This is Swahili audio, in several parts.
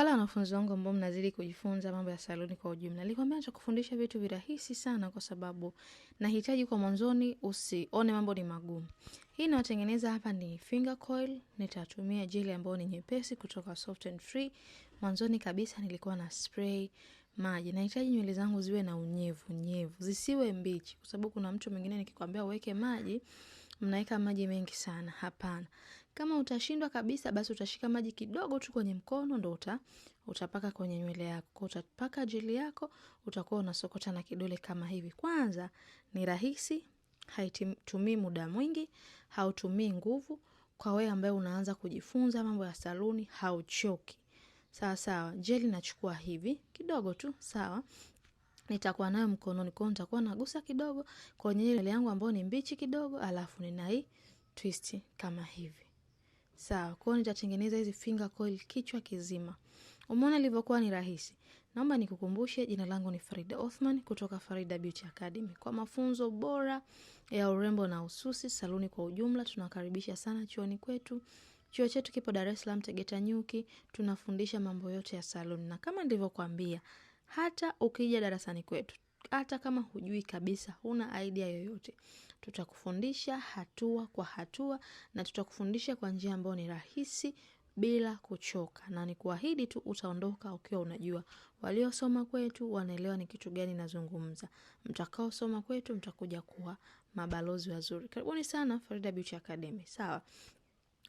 Wala wanafunzi wangu ambao mnazidi kujifunza mambo ya saluni kwa ujumla, nilikwambia nacho kufundisha vitu virahisi sana, kwa sababu nahitaji kwa mwanzoni usione mambo ni magumu. Hii inayotengeneza hapa ni finger coil. Nitatumia jeli ambayo ni nyepesi kutoka Soft and Free. Mwanzoni kabisa nilikuwa na spray maji. Nahitaji nywele zangu ziwe na unyevu nyevu, zisiwe mbichi, kwa sababu kuna mtu mwingine nikikwambia uweke maji mnaweka maji mengi sana. Hapana, kama utashindwa kabisa, basi utashika maji kidogo tu kwenye mkono ndo uta, utapaka kwenye nywele yako. Kwa utapaka jeli yako, utakuwa unasokota na kidole kama hivi. Kwanza ni rahisi, haitumii muda mwingi, hautumii nguvu. Kwa wewe ambaye unaanza kujifunza mambo ya saluni, hauchoki. Sawa sawa, jeli nachukua hivi kidogo tu, sawa nitakuwa nayo mkononi. kwao, nitakuwa nagusa kidogo kwenye ile yangu ambayo ni mbichi kidogo, alafu nina hii twist kama hivi. Sawa, kwao nitatengeneza hizi finger coil kichwa kizima. Umeona ilivyokuwa ni rahisi. Naomba nikukumbushe, jina langu ni Farida Othman kutoka Farida Beauty Academy. Kwa mafunzo bora ya urembo na ususi saluni kwa ujumla, tunakaribisha sana chuoni kwetu. Chuo chetu kipo Dar es Salaam Tegeta Nyuki. Tunafundisha mambo yote ya saluni na kama nilivyokuambia hata ukija darasani kwetu, hata kama hujui kabisa, huna idea yoyote, tutakufundisha hatua kwa hatua na tutakufundisha kwa njia ambayo ni rahisi bila kuchoka, na ni kuahidi tu utaondoka ukiwa unajua. Waliosoma kwetu wanaelewa ni kitu gani nazungumza. Mtakaosoma kwetu mtakuja kuwa mabalozi wazuri. Karibuni sana Farida Beauty Academy. Sawa.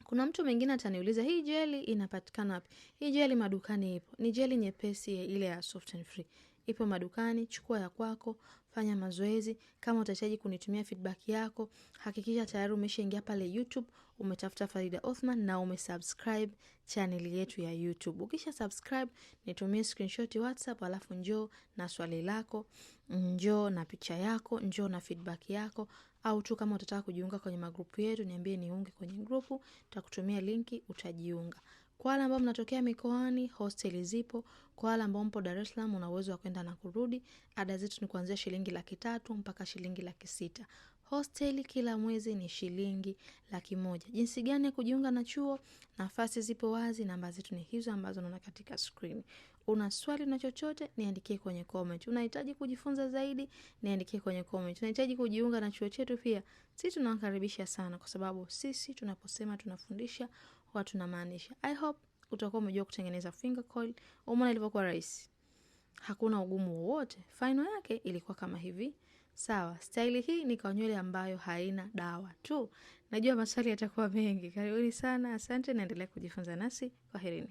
Kuna mtu mwingine ataniuliza hii jeli inapatikana wapi? Hii jeli madukani ipo. Ni jeli nyepesi ile ya soft and free. Ipo madukani, chukua ya kwako, fanya mazoezi. Kama utahitaji kunitumia feedback yako, hakikisha tayari umeshaingia pale YouTube, umetafuta Farida Othman na umesubscribe channel yetu ya YouTube. Ukisha subscribe, nitumie screenshot WhatsApp, alafu njoo na swali lako, njoo na picha yako, njoo na feedback yako au tu kama utataka kujiunga kwenye magrupu yetu, niambie niunge kwenye grupu, nitakutumia linki utajiunga. Kwa wale ambao mnatokea mikoani, hosteli zipo. Kwa wale ambao mpo Dar es Salaam, una uwezo wa kwenda na kurudi. Ada zetu ni kuanzia shilingi laki tatu mpaka shilingi laki sita. Hosteli kila mwezi ni shilingi laki moja. Jinsi gani ya kujiunga na chuo? Nafasi zipo wazi, namba zetu ni hizo ambazo unaona katika skrini. Una swali na chochote, niandikie kwenye comment. Unahitaji kujifunza zaidi, niandikie kwenye comment. Unahitaji kujiunga na chuo chetu pia, sisi tunawakaribisha sana, kwa sababu sisi tunaposema tunafundisha huwa tunamaanisha. I hope utakuwa umejua kutengeneza finger coil. Umeona ilivyokuwa rahisi, hakuna ugumu wowote. Final yake ilikuwa kama hivi. Sawa, staili hii ni kwa nywele ambayo haina dawa tu. Najua maswali yatakuwa mengi. Karibuni sana, asante, naendelea kujifunza nasi. Kwaherini.